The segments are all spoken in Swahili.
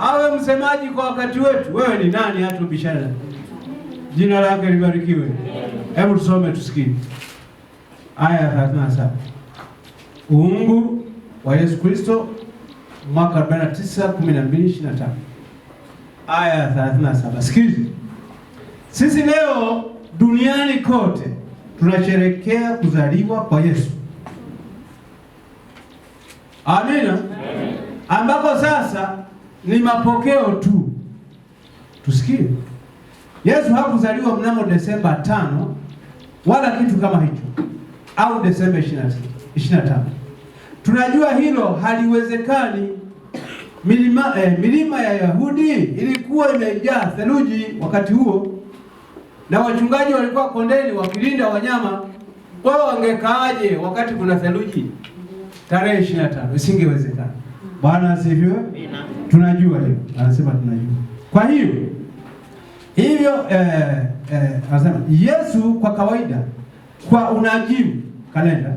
awe msemaji kwa wakati wetu. Wewe ni nani hata bishara? Jina lake libarikiwe. Hebu tusome tusikie aya ya 37 uungu wa Yesu Kristo mwaka 49 12 25 aya ya 37. Sikizi, sisi leo duniani kote tunasherekea kuzaliwa kwa Yesu. Amina, ambapo sasa ni mapokeo tu. Tusikie, Yesu hakuzaliwa mnamo Desemba tano wala kitu kama hicho au Desemba 25. Tunajua hilo haliwezekani. Milima, eh, milima ya Yahudi ilikuwa imejaa theluji wakati huo, na wachungaji walikuwa kondeni wakilinda wanyama wao. Wangekaaje wakati kuna theluji tarehe 25? Isingewezekana. Bwana asifiwe. Tunajua hiyo, anasema tunajua. Kwa hiyo hivyo eh, eh, anasema Yesu kwa kawaida kwa unajimu kalenda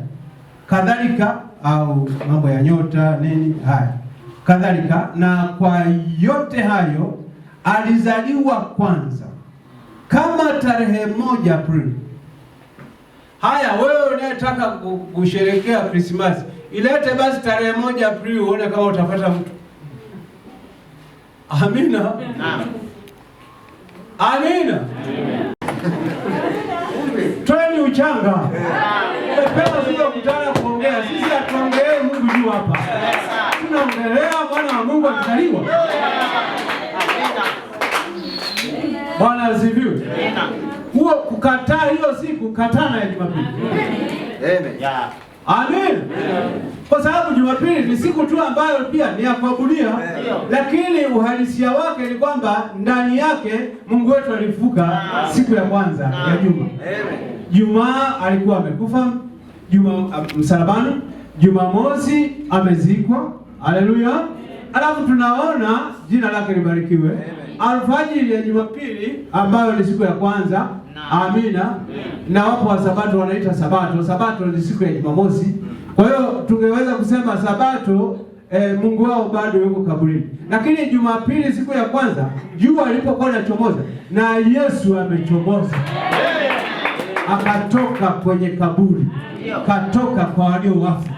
kadhalika, au mambo ya nyota nini haya kadhalika, na kwa yote hayo alizaliwa kwanza kama tarehe moja Aprili. Haya, wewe unayetaka kusherekea Krismasi Ilete basi tarehe moja Aprili uone kama utapata mtu. Amina. Amina. Twende uchanga. Pepo sio kuongea. Sisi hatuongelee Mungu juu hapa. Tunaongelea Bwana wa Mungu akizaliwa. Bwana asifiwe. Huo kukataa hiyo siku, kataa na Jumapili. Amen. Yeah. Amen. Kwa sababu Jumapili ni siku tu ambayo pia ni ya kuabudia, lakini uhalisia wake ni kwamba ndani yake Mungu wetu alifuka siku ya kwanza ya juma. Jumaa alikuwa amekufa juma um, msalabani, Jumamosi amezikwa. Haleluya. Alafu tunaona jina lake libarikiwe. Alfajiri ya Jumapili ambayo ni siku ya kwanza na, amina Amen. Na wapo wa sabato wanaita sabato, sabato ni siku ya Jumamosi. Kwa hiyo tungeweza kusema sabato e, Mungu wao bado yuko kaburini, lakini Jumapili siku ya kwanza jua lilipokuwa linachomoza na Yesu amechomoza akatoka kwenye kaburi, katoka kwa walio wafu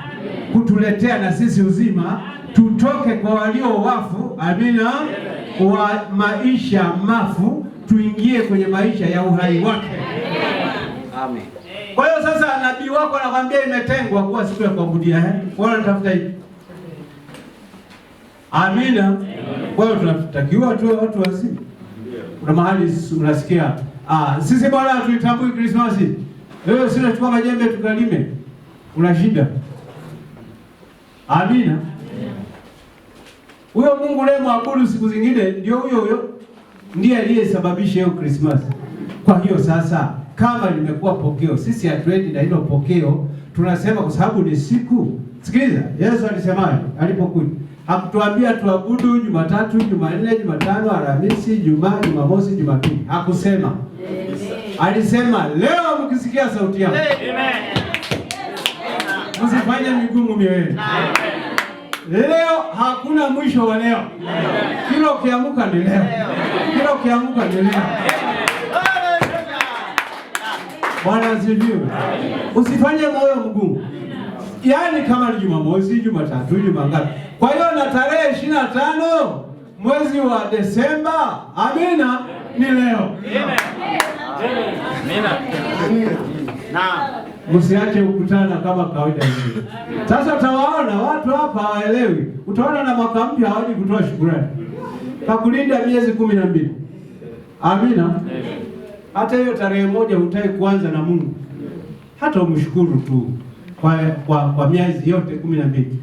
kutuletea na sisi uzima tutoke kwa walio wafu, amina, wa maisha mafu tuingie kwenye maisha ya uhai wake, Kwa hiyo sasa, nabii wako anakwambia imetengwa kuwa siku ya kuabudia, eh? natafuta hivi, amina. Kwa hiyo tunatakiwa tu watu wasi. Kuna mahali unasikia ah, sisi bwana tuitambui Krismasi, sisi tunachukua majembe tukalime, kuna shida, amina. Huyo Mungu mwabudu siku zingine ndio huyo huyo ndiye aliyesababisha hiyo Krismasi. Kwa hiyo sasa, kama limekuwa pokeo, sisi hatuendi na hilo pokeo, tunasema kwa sababu ni siku. Sikiliza, Yesu alisemaje alipokuja? Hakutuambia tuabudu Jumatatu, Jumanne, Jumatano, Alhamisi, Jumaa, Jumamosi, Jumapili. Hakusema. Alisema leo mkisikia sauti yangu. Amen. Msifanye migumu mioyo. Amen. Leo hakuna mwisho wa leo. Kila kiamuka ni leo, kila kiamuka ni leo. Bwana asifiwe. Usifanye moyo mgumu, yaani kama ni Jumamosi, Jumatatu, Jumangapi. Kwa hiyo na tarehe ishirini na tano mwezi wa Desemba, amina, ni leo. Amina usiache ukutana kama kawaida hivi. Sasa utawaona watu hapa hawaelewi, utaona na mwaka mpya hawaji kutoa shukrani. Kakulinda miezi kumi na mbili. Amina. Hata hiyo tarehe moja hutai kuanza na Mungu, hata umshukuru tu kwa kwa, kwa miezi yote kumi na mbili.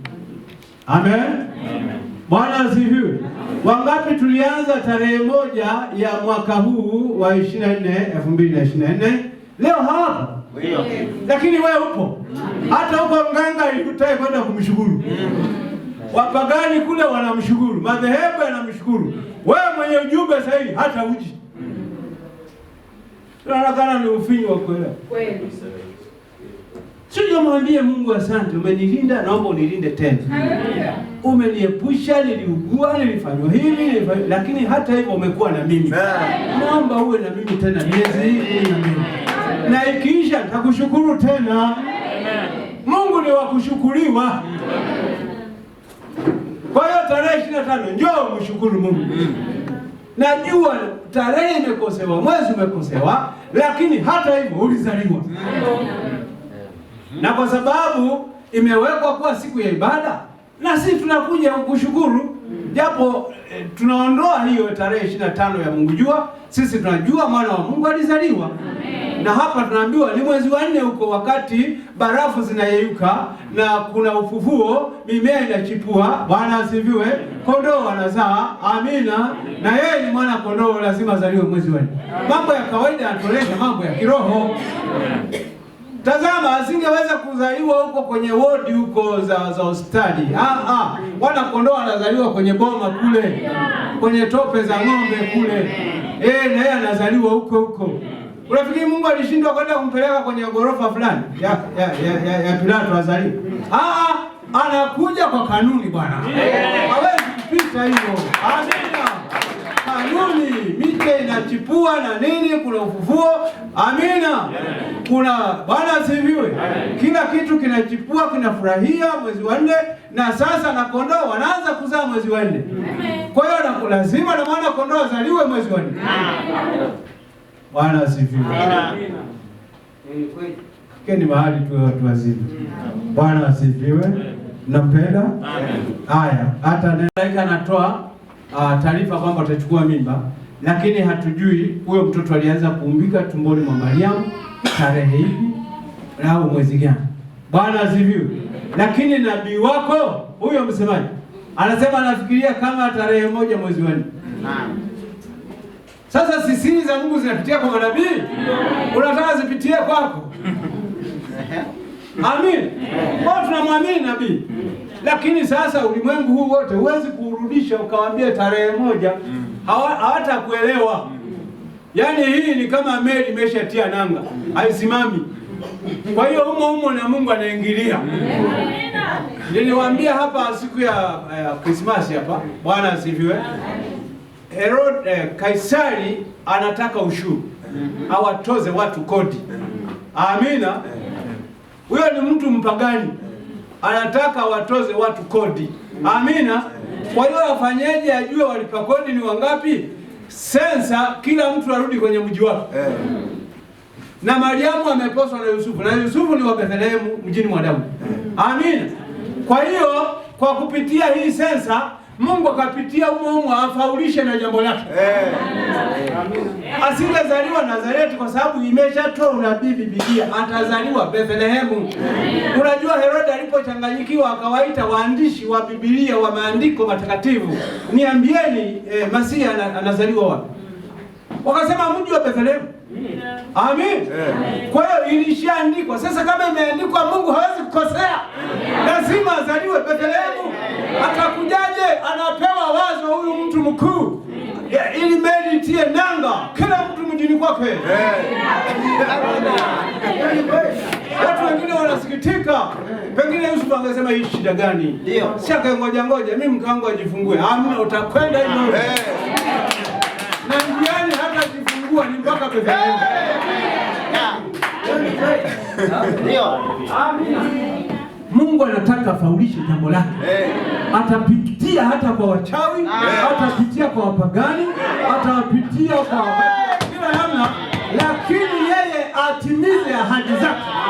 Amen, amen. Bwana asifiwe. Wangapi tulianza tarehe moja ya mwaka huu wa 24 2024 leo hapa lakini wewe upo hata huko mganga alikutaka kwenda kumshukuru. Wapagani kule wanamshukuru, madhehebu yanamshukuru, wewe mwenye ujumbe sasa hivi hata uji Tunakana ni ufinyu wa kuelewa. Kweli. Sio mwambie Mungu asante, umenilinda, naomba unilinde tena. Umeniepusha, niliugua, nilifanywa hivi, lakini hata hivyo umekuwa na mimi. Naomba uwe na mimi tena miezi hii na mimi na ikiisha takushukuru tena Amen. Mungu ni wa kushukuriwa. Kwa hiyo tarehe ishirini na tano njoo mshukuru Mungu. Najua tarehe imekosewa, mwezi umekosewa, lakini hata hivyo ulizaliwa, na kwa sababu imewekwa kuwa siku ya ibada na sisi tunakuja kushukuru mm. japo E, tunaondoa hiyo tarehe ishirini na tano ya Mungu Jua. Sisi tunajua mwana wa Mungu alizaliwa Na hapa tunaambiwa ni mwezi wa nne huko, wakati barafu zinayeyuka na kuna ufufuo, mimea inachipua. Bwana asifiwe, kondoo wanazaa. Amina Na yeye ni mwana kondoo, lazima azaliwe mwezi wa nne. Mambo ya kawaida yanatolesha mambo ya kiroho Amen. Tazama, asingeweza kuzaliwa huko kwenye wodi huko za za hospitali. Ah, ah. Wana kondoo anazaliwa kwenye boma kule, kwenye tope za ng'ombe kule, eh, na yeye anazaliwa huko huko. Unafikiri Mungu alishindwa kwenda kumpeleka kwenye ghorofa fulani ya ya ya, ya, ya Pilato azaliwe? Ah, ah. anakuja kwa kanuni bwana, hawezi kupita hivyo. Amina, kanuni kuchipua na nini, kuna ufufuo. Amina, kuna Bwana asifiwe. Kila kitu kinachipua, kinafurahia mwezi wa nne, na sasa na kondoo wanaanza kuzaa mwezi wa nne. Kwa hiyo na lazima na maana kondoo azaliwe mwezi wa nne. Bwana asifiwe. Eh, Keni mahali tu watu wazima. Bwana asifiwe. Nampenda haya, hata malaika anatoa ah, taarifa kwamba utachukua mimba lakini hatujui huyo mtoto alianza kuumbika tumboni mwa Mariamu tarehe hivi au mwezi gani. Bwana asifiwe. Lakini nabii wako huyo msemaji anasema anafikiria kama tarehe moja mwezi wa nne. Sasa sisiri za Mungu zinapitia kwa manabii, unataka zipitie kwako? Amin. Kwa tunamwamini nabii, lakini sasa ulimwengu huu wote huwezi kuurudisha ukawaambia tarehe moja mm hawatakuelewa. Yaani hii ni kama meli imeshatia nanga, haisimami. Kwa hiyo umo humo na Mungu anaingilia. Niliwaambia hapa siku ya Krismasi uh, hapa Bwana asifiwe. Herod eh, Kaisari anataka ushuru awatoze watu kodi. Amina. Huyo ni mtu mpagani, anataka watoze watu kodi. Amina. Kwa hiyo afanyeje ajue walipa kodi ni wangapi? Sensa, kila mtu arudi kwenye mji wake eh. Na Mariamu ameposwa na Yusufu na Yusufu ni wa Bethlehemu mjini mwa Daudi eh. Amina. Kwa hiyo kwa kupitia hii sensa Mungu akapitia huo humo afaulishe na jambo lake. Asingezaliwa Nazareti kwa sababu imeshatoa unabii Biblia, atazaliwa Bethlehemu. Unajua Herode alipochanganyikiwa akawaita waandishi wa Biblia wa maandiko matakatifu, niambieni eh, Masihi anazaliwa wapi? Mm. Wakasema mji wa Bethlehemu. Mm. Amin. Kwa hiyo ilishaandikwa. Sasa kama imeandikwa, Mungu hawezi kukosea, lazima azaliwe Bethlehemu. Atakuja yeye anapewa wazo huyu mtu mkuu ya ili meli tie nanga kila mtu mjini kwake. Watu wengine wanasikitika, pengine Yusuf angesema hii shida gani? Si akangoja ngoja, mimi mkango ajifungue. Amina, utakwenda hivyo na njiani, hata jifungua ni mpaka pesa. Ndio. Amina. Mungu anataka afaulishe jambo lake hey. Atapitia hata kwa wachawi hey. Ah. Atapitia kwa wapagani hey. Atapitia kwa hey. Kila namna, lakini yeye atimize ahadi zake.